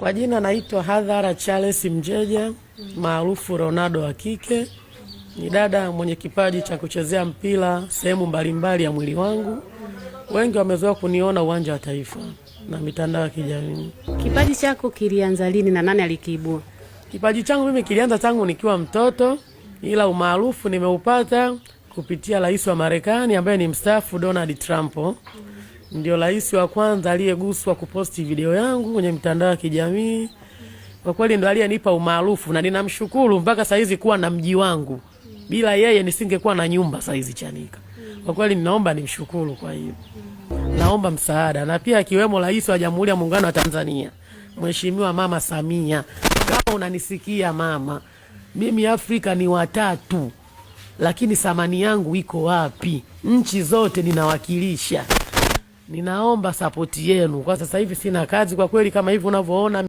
Kwa jina naitwa Hadhara Charles Mjeja maarufu Ronaldo wa kike. Ni dada mwenye kipaji cha kuchezea mpira sehemu mbalimbali ya mwili wangu. Wengi wamezoea kuniona uwanja wa Taifa na mitandao ya kijamii. Kipaji chako kilianza lini na nani alikiibua? Kipaji changu mimi kilianza tangu nikiwa mtoto, ila umaarufu nimeupata kupitia rais wa Marekani ambaye ni mstaafu Donald Trump ndio rais wa kwanza aliyeguswa kuposti video yangu kwenye mitandao ya kijamii. Kwa kweli ndo aliyenipa umaarufu na ninamshukuru mpaka saizi kuwa na mji wangu. Bila yeye nisingekuwa na nyumba saizi Chanika. Kwa kweli ninaomba nimshukuru kwa hiyo. Naomba msaada na pia akiwemo rais wa Jamhuri ya Muungano wa Tanzania Mheshimiwa Mama Samia, kama unanisikia mama, mimi Afrika ni watatu, lakini samani yangu iko wapi? Nchi zote ninawakilisha ninaomba sapoti yenu. Kwa sasa hivi sina kazi kwa kweli, kama hivi unavyoona.